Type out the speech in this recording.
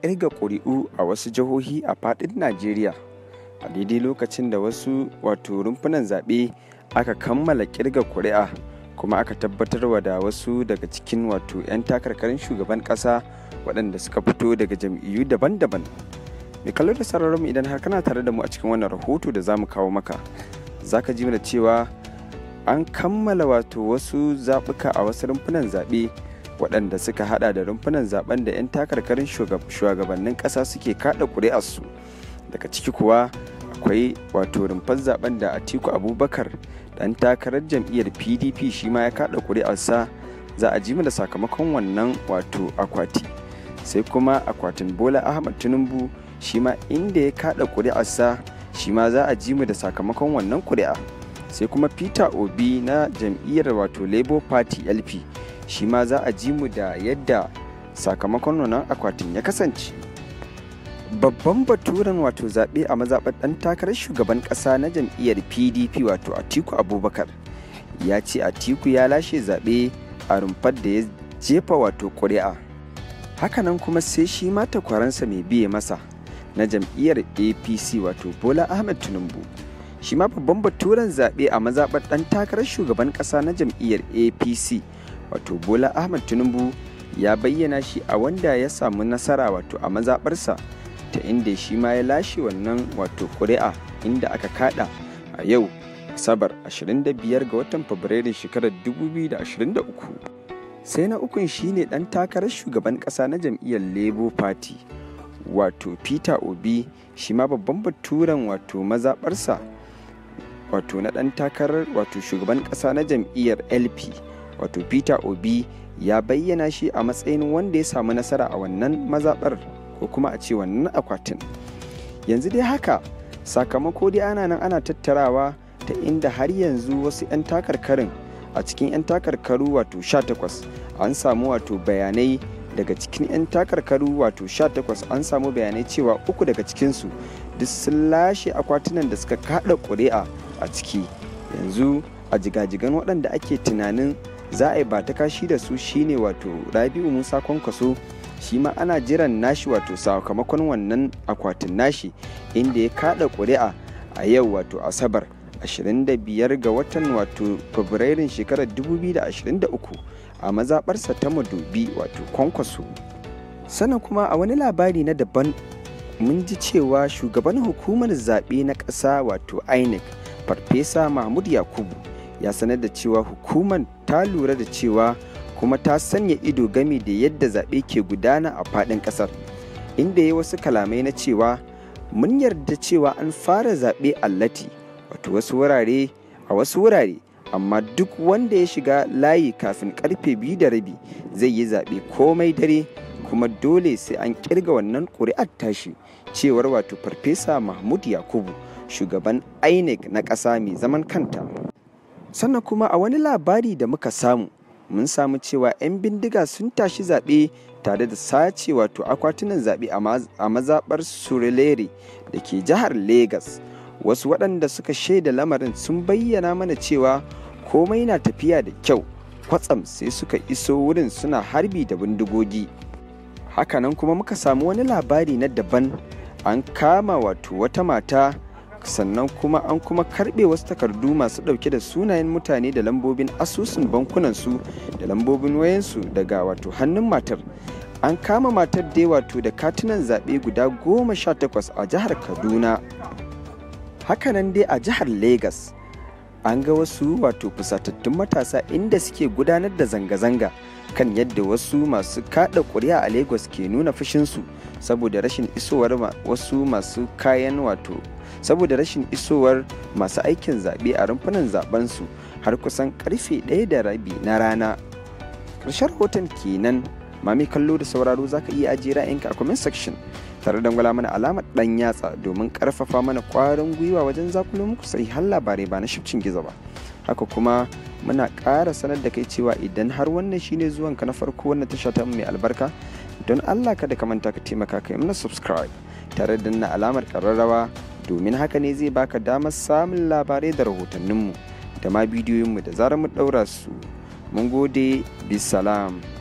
kirga ƙuri'u a wasu jihohi a faɗin Najeriya. A daidai lokacin da wasu wato rumfunan zaɓe aka kammala kirga ƙuri'a kuma aka tabbatarwa da wasu daga cikin wato 'yan takarkarin shugaban ƙasa waɗanda suka fito daga jam'iyyu daban-daban. Mai kallo da sararin idan har kana tare da mu a cikin wannan rahoto da za mu kawo maka. Za ka ji mana cewa an kammala wato wasu zaɓuka a wasu rumfunan zaɓe waɗanda suka hada da rumfunan zaben da 'yan takarkarin shugabannin ƙasa suke kada ƙuri'arsu daga ciki kuwa akwai wato rumfar zaben da atiku abubakar ɗan takarar jam'iyyar pdp shi ma ya kada ƙuri'arsa za a ji da sakamakon wannan wato akwati sai kuma akwatin bola ahmad tinubu shi ma inda ya kaɗa ƙuri'arsa shi ma za a ji mu da sakamakon wannan ƙuri'a. sai kuma peter obi na jam'iyyar wato labour party lp shi ma za a ji mu da yadda sakamakon wannan akwatin ya kasance babban baturen wato zaɓe a mazaɓar ɗan takarar shugaban ƙasa na jam'iyyar pdp wato atiku abubakar ya ce atiku ya lashe zaɓe a rumfar da ya jefa wato ƙuri'a hakanan kuma sai shi ma takwaransa mai biye masa na jam'iyyar apc wato bola ahmed tinubu shi ma babban baturen zaɓe a mazaɓar ɗan takarar shugaban ƙasa na jam'iyyar apc wato bola ahmad tinubu ya bayyana shi a wanda ya samu nasara wato a mazaɓarsa ta inda shi ma ya lashe wannan wato ƙuri'a inda aka kaɗa a yau asabar 25 ga watan fabrairu shekarar 2023 sai na ukun shine ɗan takarar shugaban ƙasa na jam'iyyar labour party wato peter obi shi ma babban baturen wato mazaɓarsa wato na ɗan takarar wato shugaban ƙasa na jam'iyyar lp wato peter obi ya bayyana shi a matsayin wanda ya samu nasara a wannan mazaɓar ko kuma a ce wannan akwatin yanzu dai haka sakamako dai ana nan ana tattarawa ta inda har yanzu wasu 'yan takarkarin a cikin 'yan takarkaru wato 18 an samu wato bayanai daga cikin 'yan takarkaru wato 18 an samu bayanai cewa uku daga cikinsu duk sun lashe akwatunan da suka kada ƙuri'a a ciki yanzu a jigajigan waɗanda ake tunanin za a yi ba ta kashi da su shine wato rabi'u musa kwankwaso shi ma ana jiran nashi wato sakamakon wannan akwatin nashi inda ya kada ƙuri'a a yau wato asabar 25 ga watan wato fabrairun shekarar 2023 a mazaɓarsa ta madobi wato kwankwaso sannan kuma a wani labari na daban mun ji cewa shugaban hukumar zaɓe na ƙasa wato inec farfesa mahmud yakubu ya sanar da cewa hukumar ta lura da cewa kuma ta sanya ido gami da yadda zaɓe ke gudana a faɗin ƙasar inda ya wasu kalamai na cewa mun yarda cewa an fara zaɓe allati wato wasu wurare a wasu wurare amma duk wanda ya shiga layi kafin karfe biyu da rabi zai yi zaɓe komai dare kuma dole sai an kirga wannan ƙuri'ar tashi cewar wato farfesa mahmud yakubu shugaban inec na ƙasa mai zaman kanta sannan kuma a wani labari da muka samu mun samu cewa 'yan bindiga sun tashi zaɓe tare da sace wato akwatunan zaɓe a mazaɓar Surulere da ke jihar Legas. Wasu waɗanda suka shaida lamarin sun bayyana mana cewa komai na tafiya da kyau, kwatsam sai suka iso wurin suna harbi da bindigogi. Hakanan kuma muka samu wani labari na daban an kama wato wata mata sannan kuma an kuma karbe wasu takardu masu dauke da sunayen mutane da lambobin asusun bankunansu da lambobin wayansu daga wato hannun matar an kama matar dai wato da katunan zaɓe guda goma sha takwas a jihar kaduna hakanan dai a jihar Legas an ga wasu wato fusatattun matasa inda suke gudanar da zanga-zanga kan yadda wasu masu kada ƙuri'a a Legas ke nuna fushinsu saboda rashin isowar wasu masu kayan wato saboda rashin isowar masu aikin zaɓe a rumfunan zaɓensu har kusan karfe ɗaya da rabi na rana ƙarshen rahoton kenan mami kallo da sauraro za ka iya ajiye ra'ayinka a comment section tare da gwala mana alamar ɗan yatsa domin ƙarfafa mana ƙwarin gwiwa wajen zakulo muku har labarai ba na shifcin gizo ba haka kuma muna ƙara sanar da kai cewa idan har wannan shine zuwan ka na farko wannan tasha ta mai albarka don allah kada ka manta ka taimaka kai mana subscribe tare da na alamar ƙararrawa domin haka ne zai baka damar samun labarai da rahotanninmu da ma bidiyoyinmu da zarar mu ɗaura su mun gode bisalam